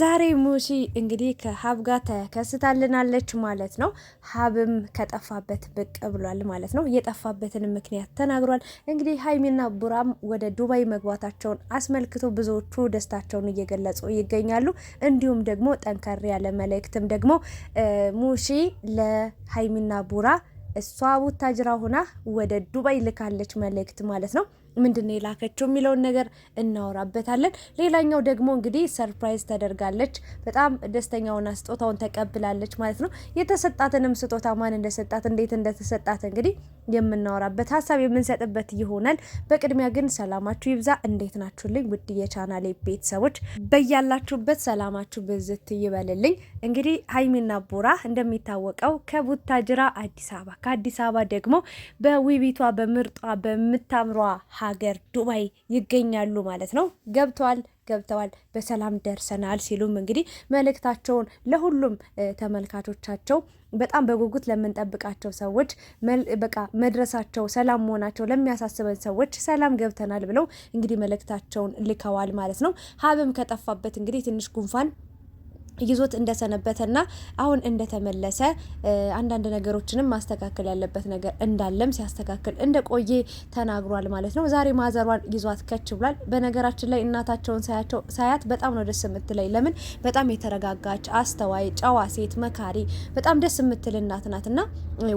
ዛሬ ሙሺ እንግዲህ ከሀብ ጋር ተከስታልናለች ማለት ነው። ሀብም ከጠፋበት ብቅ ብሏል ማለት ነው። የጠፋበትን ምክንያት ተናግሯል። እንግዲህ ሀይሚና ቡራም ወደ ዱባይ መግባታቸውን አስመልክቶ ብዙዎቹ ደስታቸውን እየገለጹ ይገኛሉ። እንዲሁም ደግሞ ጠንከር ያለ መልእክትም ደግሞ ሙሺ ለሀይሚና ቡራ እሷ ቡታጅራ ሆና ወደ ዱባይ ልካለች መልእክት ማለት ነው። ምንድን ነው የላከችው የሚለውን ነገር እናወራበታለን። ሌላኛው ደግሞ እንግዲህ ሰርፕራይዝ ተደርጋለች። በጣም ደስተኛ ስጦታውን ተቀብላለች ማለት ነው። የተሰጣትንም ስጦታ ማን እንደሰጣት፣ እንዴት እንደተሰጣት እንግዲህ የምናወራበት ሀሳብ የምንሰጥበት ይሆናል። በቅድሚያ ግን ሰላማችሁ ይብዛ። እንዴት ናችሁልኝ ውድ የቻናሌ ቤተሰቦች? በያላችሁበት ሰላማችሁ ብዝት ይበልልኝ። እንግዲህ ሀይሚና ቡራ እንደሚታወቀው ከቡታጅራ አዲስ አበባ ከአዲስ አበባ ደግሞ በውቢቷ በምርጧ በምታምሯ ሀገር ዱባይ ይገኛሉ ማለት ነው። ገብተዋል ገብተዋል በሰላም ደርሰናል ሲሉም እንግዲህ መልእክታቸውን ለሁሉም ተመልካቾቻቸው በጣም በጉጉት ለምንጠብቃቸው ሰዎች በቃ መድረሳቸው ሰላም መሆናቸው ለሚያሳስበን ሰዎች ሰላም ገብተናል ብለው እንግዲህ መልእክታቸውን ልከዋል ማለት ነው። ሀብም ከጠፋበት እንግዲህ ትንሽ ጉንፋን ይዞት እንደሰነበተና አሁን እንደተመለሰ አንዳንድ ነገሮችንም ማስተካከል ያለበት ነገር እንዳለም ሲያስተካክል እንደቆየ ተናግሯል ማለት ነው። ዛሬ ማዘሯን ይዟት ከች ብሏል። በነገራችን ላይ እናታቸውን ሳያቸው ሳያት በጣም ነው ደስ የምትለኝ። ለምን በጣም የተረጋጋች አስተዋይ፣ ጨዋ ሴት መካሪ፣ በጣም ደስ የምትል እናት ናት እና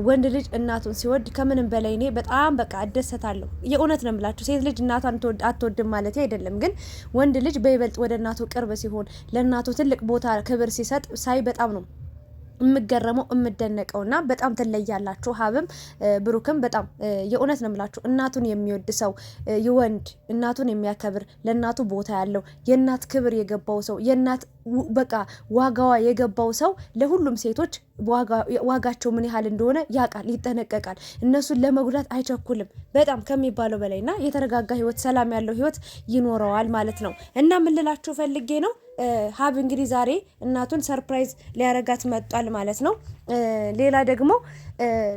ወንድ ልጅ እናቱን ሲወድ ከምንም በላይ እኔ በጣም በቃ እደሰታለሁ። የእውነት ነው የምላችሁ። ሴት ልጅ እናቷን አትወድም ማለት አይደለም፣ ግን ወንድ ልጅ በይበልጥ ወደ እናቱ ቅርብ ሲሆን ለእናቱ ትልቅ ቦታ ክብር ሲሰጥ ሳይ በጣም ነው የምገረመው የምደነቀው እና በጣም ትለያላችሁ። ሀብም ብሩክም በጣም የእውነት ነው የምላችሁ እናቱን የሚወድ ሰው ይወንድ፣ እናቱን የሚያከብር ለእናቱ ቦታ ያለው የእናት ክብር የገባው ሰው የእናት በቃ ዋጋዋ የገባው ሰው ለሁሉም ሴቶች ዋጋቸው ምን ያህል እንደሆነ ያውቃል፣ ይጠነቀቃል። እነሱን ለመጉዳት አይቸኩልም በጣም ከሚባለው በላይ እና የተረጋጋ ህይወት፣ ሰላም ያለው ህይወት ይኖረዋል ማለት ነው እና ምን ፈልጌ ነው ሀብ እንግዲህ ዛሬ እናቱን ሰርፕራይዝ ሊያረጋት መጧል ማለት ነው። ሌላ ደግሞ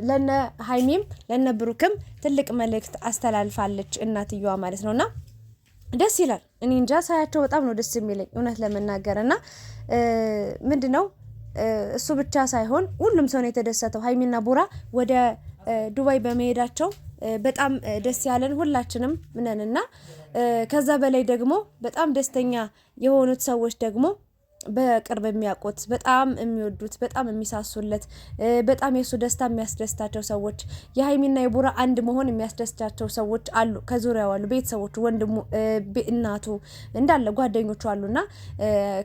ለነ ሀይሚም ለነ ብሩክም ትልቅ መልእክት አስተላልፋለች እናትየዋ ማለት ነውና ደስ ይላል። እኔ እንጃ ሳያቸው በጣም ነው ደስ የሚለኝ እውነት ለመናገር እና ምንድ ነው እሱ ብቻ ሳይሆን ሁሉም ሰው ነው የተደሰተው። ሀይሚና ቡራ ወደ ዱባይ በመሄዳቸው በጣም ደስ ያለን ሁላችንም ምነንና ከዛ በላይ ደግሞ በጣም ደስተኛ የሆኑት ሰዎች ደግሞ በቅርብ የሚያውቁት በጣም የሚወዱት በጣም የሚሳሱለት በጣም የእሱ ደስታ የሚያስደስታቸው ሰዎች የሀይሚና የቡራ አንድ መሆን የሚያስደስታቸው ሰዎች አሉ። ከዙሪያው አሉ ቤተሰቦቹ፣ ወንድሙ፣ እናቱ እንዳለ ጓደኞቹ አሉና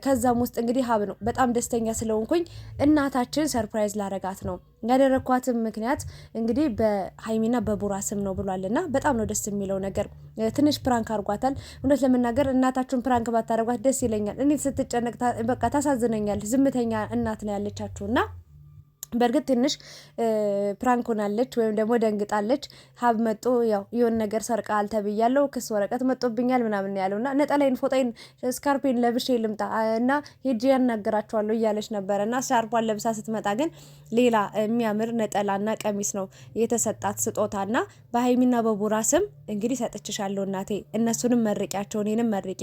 ከዛም ውስጥ እንግዲህ ሀብ ነው። በጣም ደስተኛ ስለሆንኩኝ እናታችን ሰርፕራይዝ ላረጋት ነው ያደረግኳትም ምክንያት እንግዲህ በሀይሚና በቡራ ስም ነው ብሏልና በጣም ነው ደስ የሚለው ነገር። ትንሽ ፕራንክ አርጓታል። እውነት ለመናገር እናታችሁን ፕራንክ ባታደርጓት ደስ ይለኛል። እኔ ስትጨነቅ በቃ ታሳዝነኛለች። ዝምተኛ እናት ነው ያለቻችሁ እና በእርግጥ ትንሽ ፕራንክ ሆናለች ወይም ደግሞ ደንግጣለች። ሀብ መጦ ያው የሆነ ነገር ሰርቃል ተብያለሁ፣ ክስ ወረቀት መጦብኛል ምናምን ያለው እና ነጠላይን፣ ፎጣይን፣ ስካርፔን ለብሼ ልምጣ እና ሄጄ ያናገራቸዋለሁ እያለች ነበረ እና ሻርቧን ለብሳ ስትመጣ ግን ሌላ የሚያምር ነጠላና ቀሚስ ነው የተሰጣት ስጦታ እና በሀይሚና በቡራ ስም እንግዲህ ሰጥችሻለሁ እናቴ፣ እነሱንም መርቂያቸው እኔንም መርቂ፣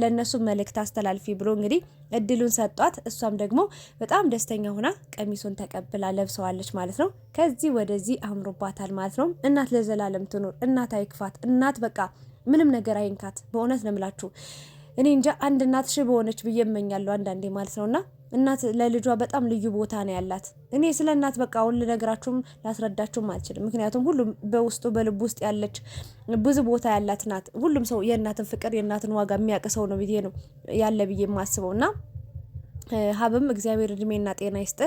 ለእነሱ መልእክት አስተላልፊ ብሎ እንግዲህ እድሉን ሰጧት። እሷም ደግሞ በጣም ደስተኛ ሆና ቀሚሱን ተቀብላ ለብሰዋለች ማለት ነው። ከዚህ ወደዚህ አምሮባታል ማለት ነው። እናት ለዘላለም ትኖር፣ እናት አይክፋት፣ እናት በቃ ምንም ነገር አይንካት። በእውነት ነው የምላችሁ። እኔ እንጃ አንድ እናት ሽ በሆነች ብዬ እመኛለሁ አንዳንዴ ማለት ነውና እናት ለልጇ በጣም ልዩ ቦታ ነው ያላት። እኔ ስለ እናት በቃ አሁን ልነግራችሁም ላስረዳችሁም አልችልም። ምክንያቱም ሁሉም በውስጡ በልብ ውስጥ ያለች ብዙ ቦታ ያላት ናት። ሁሉም ሰው የእናትን ፍቅር የእናትን ዋጋ የሚያውቅ ሰው ነው ብዬ ነው ያለ ብዬ የማስበው እና ሀብም እግዚአብሔር እድሜና ጤና ይስጥ።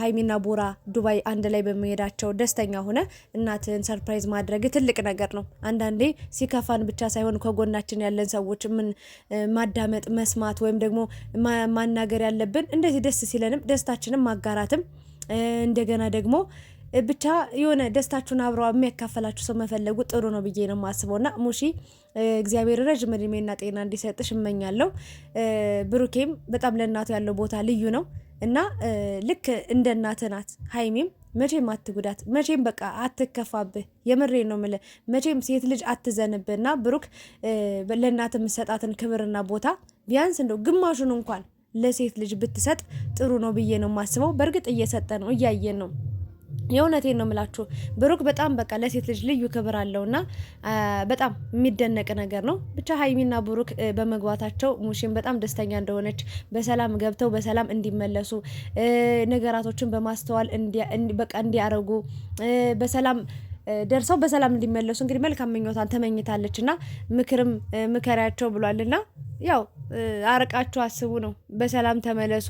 ሀይሚና ቦራ ዱባይ አንድ ላይ በመሄዳቸው ደስተኛ ሆነ እናትን ሰርፕራይዝ ማድረግ ትልቅ ነገር ነው። አንዳንዴ ሲከፋን ብቻ ሳይሆን ከጎናችን ያለን ሰዎች ምን ማዳመጥ፣ መስማት ወይም ደግሞ ማናገር ያለብን እንደዚህ ደስ ሲለንም ደስታችንም ማጋራትም እንደገና ደግሞ ብቻ የሆነ ደስታችሁን አብረ የሚያካፈላችሁ ሰው መፈለጉ ጥሩ ነው ብዬ ነው የማስበው። እና ሙሺ እግዚአብሔር ረዥም እድሜና ጤና እንዲሰጥሽ እመኛለሁ። ብሩኬም በጣም ለእናቱ ያለው ቦታ ልዩ ነው እና ልክ እንደ እናት ናት ሀይሚም መቼም አትጉዳት፣ መቼም በቃ አትከፋብህ። የምሬ ነው የምልህ። መቼም ሴት ልጅ አትዘንብህ እና ብሩክ ለእናት የምትሰጣትን ክብርና ቦታ ቢያንስ እንደው ግማሹን እንኳን ለሴት ልጅ ብትሰጥ ጥሩ ነው ብዬ ነው የማስበው። በእርግጥ እየሰጠ ነው፣ እያየን ነው። የእውነቴን ነው የምላችሁ ብሩክ በጣም በቃ ለሴት ልጅ ልዩ ክብር እና በጣም የሚደነቅ ነገር ነው። ብቻ ሀይሚና ብሩክ በመግባታቸው ሙሽን በጣም ደስተኛ እንደሆነች በሰላም ገብተው በሰላም እንዲመለሱ ነገራቶችን በማስተዋል በቃ እንዲያረጉ በሰላም ደርሰው በሰላም እንዲመለሱ እንግዲህ መልካም ምኞቷን ተመኝታለች እና ምክርም ምከሪያቸው ብሏልና ያው አርቃችሁ አስቡ ነው። በሰላም ተመለሱ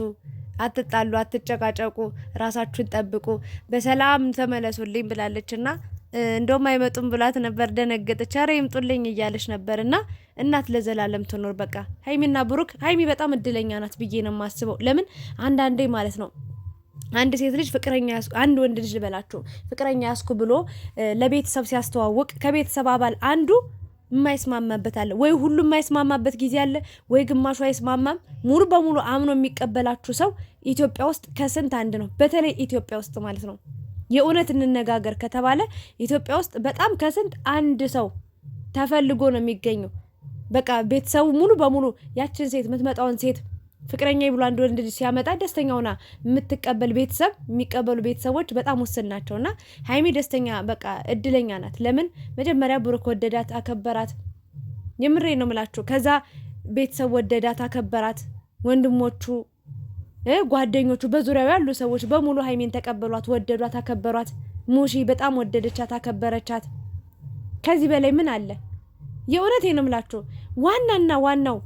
አትጣሉ፣ አትጨቃጨቁ፣ ራሳችሁን ጠብቁ፣ በሰላም ተመለሱልኝ ብላለች እና እንደውም አይመጡም ብሏት ነበር። ደነገጠች። ኧረ ይምጡልኝ እያለች ነበር እና እናት ለዘላለም ትኖር። በቃ ሀይሚና ብሩክ፣ ሀይሚ በጣም እድለኛ ናት ብዬ ነው የማስበው። ለምን አንዳንዴ ማለት ነው አንድ ሴት ልጅ ፍቅረኛ አንድ ወንድ ልጅ ልበላችሁ ፍቅረኛ ያስኩ ብሎ ለቤተሰብ ሲያስተዋውቅ ከቤተሰብ አባል አንዱ የማይስማማበት አለ ወይ ሁሉም የማይስማማበት ጊዜ አለ ወይ ግማሹ አይስማማም። ሙሉ በሙሉ አምኖ የሚቀበላችሁ ሰው ኢትዮጵያ ውስጥ ከስንት አንድ ነው። በተለይ ኢትዮጵያ ውስጥ ማለት ነው። የእውነት እንነጋገር ከተባለ ኢትዮጵያ ውስጥ በጣም ከስንት አንድ ሰው ተፈልጎ ነው የሚገኘው። በቃ ቤተሰቡ ሙሉ በሙሉ ያችን ሴት የምትመጣውን ሴት ፍቅረኛ ብሎ አንድ ወንድ ልጅ ሲያመጣ ደስተኛ ሆና የምትቀበል ቤተሰብ የሚቀበሉ ቤተሰቦች በጣም ውስን ናቸው። እና ሀይሚ ደስተኛ በቃ እድለኛ ናት። ለምን መጀመሪያ ብሩክ ወደዳት፣ አከበራት። የምሬ ነው ምላችሁ። ከዛ ቤተሰብ ወደዳት፣ አከበራት። ወንድሞቹ፣ ጓደኞቹ፣ በዙሪያው ያሉ ሰዎች በሙሉ ሀይሚን ተቀበሏት፣ ወደዷት፣ አከበሯት። ሙሺ በጣም ወደደቻት፣ አከበረቻት። ከዚህ በላይ ምን አለ? የእውነቴ ነው ምላችሁ ዋናና ዋናው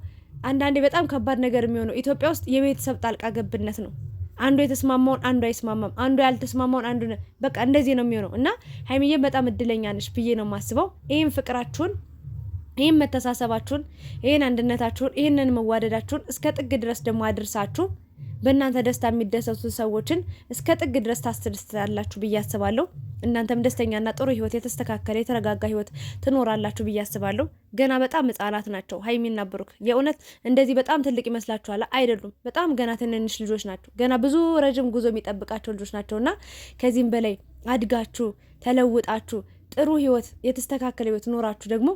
አንዳንዴ በጣም ከባድ ነገር የሚሆነው ኢትዮጵያ ውስጥ የቤተሰብ ጣልቃ ገብነት ነው። አንዱ የተስማማውን አንዱ አይስማማም፣ አንዱ ያልተስማማውን አንዱ በቃ እንደዚህ ነው የሚሆነው እና ሀይሚዬ በጣም እድለኛ ነሽ ብዬ ነው የማስበው። ይህም ፍቅራችሁን፣ ይህም መተሳሰባችሁን፣ ይህን አንድነታችሁን፣ ይህንን መዋደዳችሁን እስከ ጥግ ድረስ ደግሞ አድርሳችሁ በእናንተ ደስታ የሚደሰቱ ሰዎችን እስከ ጥግ ድረስ ታስደስታላችሁ ብዬ አስባለሁ። እናንተም ደስተኛና ጥሩ ህይወት፣ የተስተካከለ የተረጋጋ ህይወት ትኖራላችሁ ብዬ አስባለሁ። ገና በጣም ህጻናት ናቸው ሀይሚና ብሩክ። የእውነት እንደዚህ በጣም ትልቅ ይመስላችኋል? አይደሉም። በጣም ገና ትንንሽ ልጆች ናቸው። ገና ብዙ ረዥም ጉዞ የሚጠብቃቸው ልጆች እና ከዚህም በላይ አድጋችሁ ተለውጣችሁ ጥሩ ህይወት፣ የተስተካከለ ህይወት ኖራችሁ ደግሞ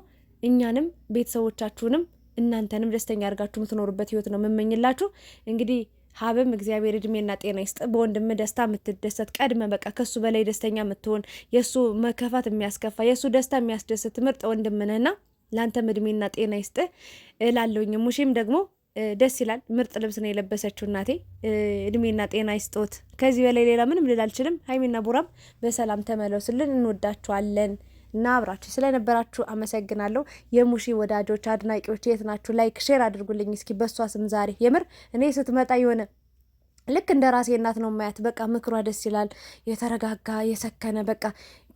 እኛንም ቤተሰቦቻችሁንም እናንተንም ደስተኛ አድርጋችሁ የምትኖሩበት ህይወት ነው የምመኝላችሁ እንግዲህ ሀብም እግዚአብሔር እድሜና ጤና ይስጥ። በወንድም ደስታ የምትደሰት ቀድመ በቃ ከሱ በላይ ደስተኛ የምትሆን የእሱ መከፋት የሚያስከፋ የእሱ ደስታ የሚያስደስት ምርጥ ወንድምንና ለአንተም እድሜና ጤና ይስጥ እላለሁኝ። ሙሽም ደግሞ ደስ ይላል። ምርጥ ልብስ ነው የለበሰችው። እናቴ እድሜና ጤና ይስጦት። ከዚህ በላይ ሌላ ምንም ልል አልችልም። ሀይሚና ቡራም በሰላም ተመለሱልን። እንወዳችኋለን። እና አብራችሁ ስለነበራችሁ አመሰግናለሁ። የሙሺ ወዳጆች አድናቂዎች የት ናችሁ? ላይክ ሼር አድርጉልኝ እስኪ በእሷ ስም ዛሬ የምር እኔ ስትመጣ የሆነ ልክ እንደ ራሴ እናት ነው ማያት። በቃ ምክሯ ደስ ይላል። የተረጋጋ የሰከነ በቃ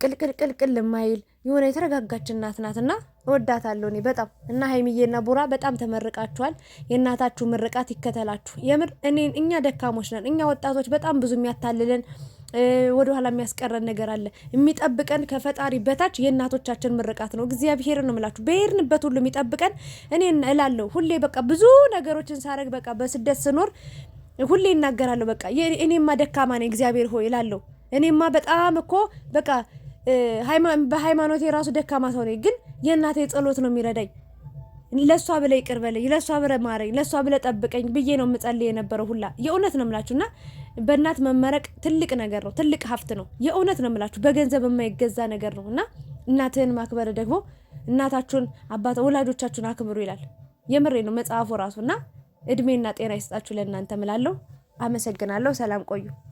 ቅልቅልቅልቅል የማይል የሆነ የተረጋጋች እናት ናት እና እወዳታለሁ እኔ በጣም እና ሀይሚዬና ቡራ በጣም ተመርቃችኋል። የእናታችሁ ምርቃት ይከተላችሁ። የምር እኔ እኛ ደካሞች ነን እኛ ወጣቶች በጣም ብዙ የሚያታልለን ወደ ኋላ የሚያስቀረን ነገር አለ። የሚጠብቀን ከፈጣሪ በታች የእናቶቻችን ምርቃት ነው። እግዚአብሔር ነው የምላችሁ፣ በሄድንበት ሁሉ የሚጠብቀን እኔ እላለሁ። ሁሌ በቃ ብዙ ነገሮችን ሳረግ በቃ በስደት ስኖር ሁሌ ይናገራለሁ። በቃ እኔማ ደካማ ነኝ እግዚአብሔር ሆይ እላለሁ። እኔማ በጣም እኮ በቃ በሃይማኖቴ የራሱ ደካማ ሰው ነኝ፣ ግን የእናቴ ጸሎት ነው የሚረዳኝ ለእሷ ብለ ይቅር በለኝ፣ ለእሷ ብለ ማረኝ፣ ለእሷ ብለ ጠብቀኝ ብዬ ነው የምጸልይ የነበረው ሁላ። የእውነት ነው የምላችሁ እና በእናት መመረቅ ትልቅ ነገር ነው፣ ትልቅ ሀብት ነው። የእውነት ነው የምላችሁ በገንዘብ የማይገዛ ነገር ነው እና እናትህን ማክበር ደግሞ እናታችሁን አባት ወላጆቻችሁን አክብሩ ይላል። የምሬ ነው መጽሐፉ እና እድሜና ጤና ይስጣችሁ ለእናንተ እምላለሁ። አመሰግናለሁ። ሰላም ቆዩ።